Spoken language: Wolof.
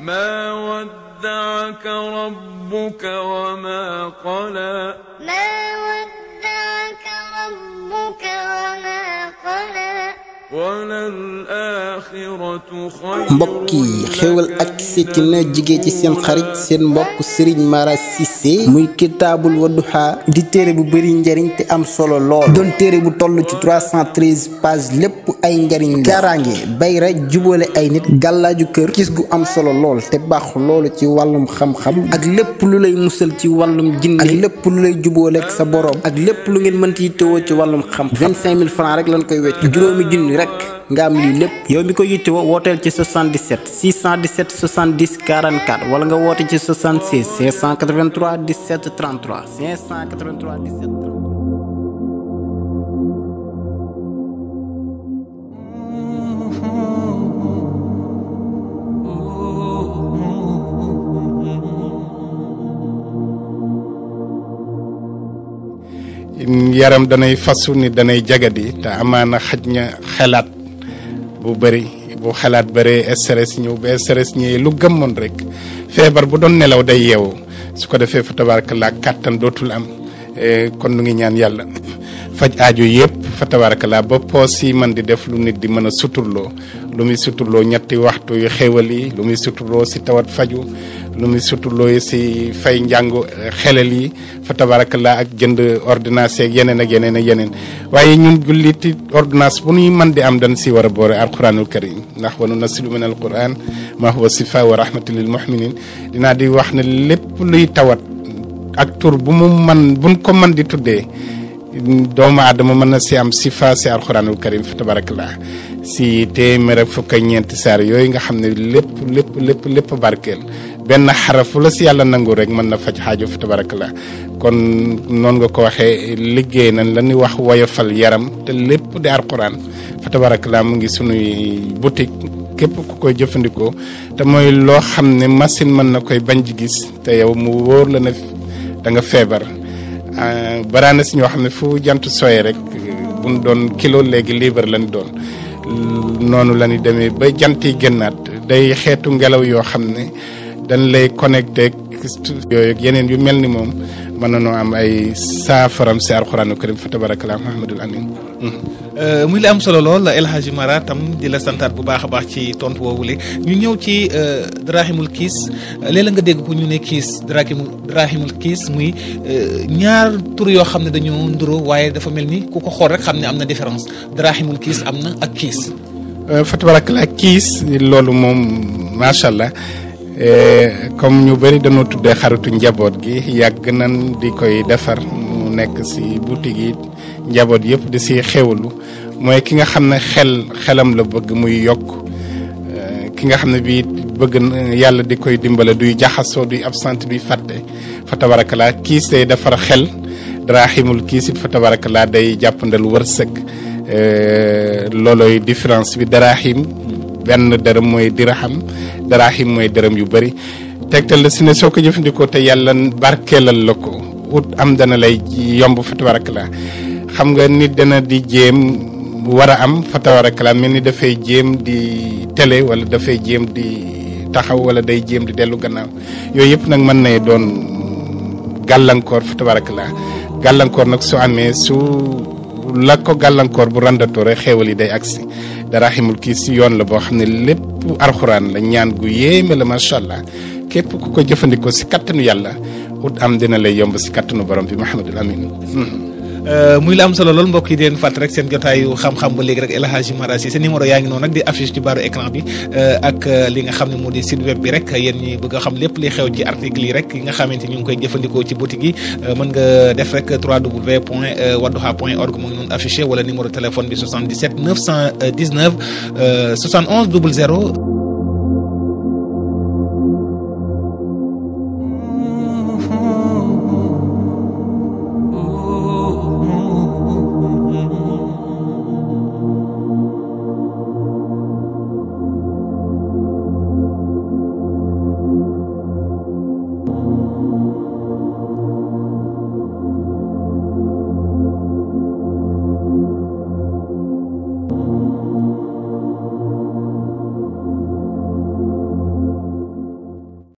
ما ودعك ربك وما قلى ما ودعك ربك وما قلى mbokk yi xéwal ak seeti na jigee ci seen xarit seen mbokk Serigne Mara Cissé muy kitaabul Wadduha di téere bu bëri njariñ te am solo lool doon téere bu toll ci 313 page lépp ay njariñ la kaaraange bayra jubale ay nit gàllaaju kër gis gu am solo lool te baax loolu ci wàllum xam-xam ak lépp lu lay musal ci wàllum jinne ak lépp lu lay jubóole ak sa borom ak lépp lu ngeen mënti yittewoo ci wàllum xam-xam 25000 francs rek lañ koy wecc juróomi junni rek nga am lii lépp yow mi ko yittewoo wooteel ci 77 617 70 44 wala nga woote ci 76 583 17 33 yaram danay fasu ni danay jagadi te amaana xaj na xalaat bu bëri bu xalaat bëree stress ñëw ba stress ñëwee lu gëmmoon rek feebar bu doon nelaw day yeewu su ko defee fa tabarka laa kàttan dootul am eh, kon nu ngi ñaan yàlla faj aajo yëpp fa tabaarakalaa ba poos yi man di def lu nit di mën a suturloo lu muy suturloo ñetti waxtu yu xéewal yi lu muy suturloo si tawat faju lu muy suturloo si fay njàngu eh, xelal yi fa tabaarakalaa ak jënd ordonnance yeeg yeneen ak yeneen ak yeneen waaye ñun julliti ordonnance bu ñuy man di am dañ si war a boore alquranul karim ndax wanu nasilu min alquran ma huwa sifa wa rahmatul lil muhminin dinaa di wax ne lépp luy tawat ak tur bu mu man buñ ko man di tuddee doomu aadama mën na si am sifa si alxuraanul karim fi la si téeméer ak fukk ak ñeenti saar yooyu nga xam ne lépp lépp lépp lépp barkeel benn xarafu la si yàlla nangu rek mën na faj xaajo fi la kon noonu nga ko waxee liggéey nañ la ñuy wax woyofal yaram te lépp di alxuraan fi tabarakallah mu ngi suñuy boutique képp ku koy jëfandikoo te mooy loo xam ne machine mën na koy bañ ji gis te yow mu wóor la ne feebar Euh, bara si ñoo xam ne fu jant sooyee rek bu ñu kilo léegi libre lañ doon noonu la ñu demee ba jant yi génnaat day xeetu ngelaw yoo xam ne dañ lay connecté yooyu yeneen yu mel ni moom mën noo am ay saafaram si alxuraanu karim fa tabarakala mahamadul amin euh, muy la am solo lool la Hadji Mara tam di la santaat bu baax a baax ci tontu woowule ñu ñëw ci euh, drahimul kiis léeg nga dégg ko ne kiis drahimul drahimul kiis muy euh, ñaar tur yoo xam ne dañoo nduro waaye dafa mel ni ku ko xool rek xam ne am na différence drahimul kiis am na ak kiis fa ak kiis loolu moom macha allah Eh, comme ñu bëri dañoo tuddee xaritu njaboot gi yàgg na di koy defar mu nekk si boutique yi njaboot yëpp di si xewlu mooy ki nga xam ne xel xelam la bëgg muy yokk eh, ki nga xam ne bii bëgg na yàlla di koy dimbale duy jaxasoo duy absent bi fàtte fa tabarakalaa kiis day defar xel daraaximul kiisit fa tabarakalaa day jàppandal wërsëg eh, loolooy différence bi daraaxim benn dërëm mooy diraham darahim mooy dërëm yu bëri tegtal la si ne soo jëfandikoo te yàlla barkeelal la ko am dana lay yomb fa tabarakalaa xam nga nit dana di jéem war a am fa mel ni dafay jéem di télé wala dafay jéem di taxaw wala day jéem di dellu gannaaw yooyu yëpp nag mën na doon gàllankoor fa tabarakalaa nag su amee su la ko gàllankoor bu randature xéewal yi day si agsi daraaximul kii si yoon la boo xam ne lépp arxuraan la ñaan gu yéeme la macha allah képp ku ko jëfandikoo si kattanu yàlla ut am dina lay yomb si kattanu borom bi Mahamadul Amin hmm. Euh, muy la am solo lool mbokk yi di leen fàtt rek seen jotaayu xam-xam ba léegi rek El Hadji Mara Cissé numéro yaa ngi noonu nag di affiche ci baaru écran bi euh, ak euh, li nga xam ne moo di site web bi rek yéen ñi bëgg xam lépp li xew ci article yi rek yi nga xamante ñu ngi koy jëfandikoo ci boutique yi mën nga def rek 3w point wadduha point org mu ngi noonu affiché wala numéro téléphone bi 77 919 71 00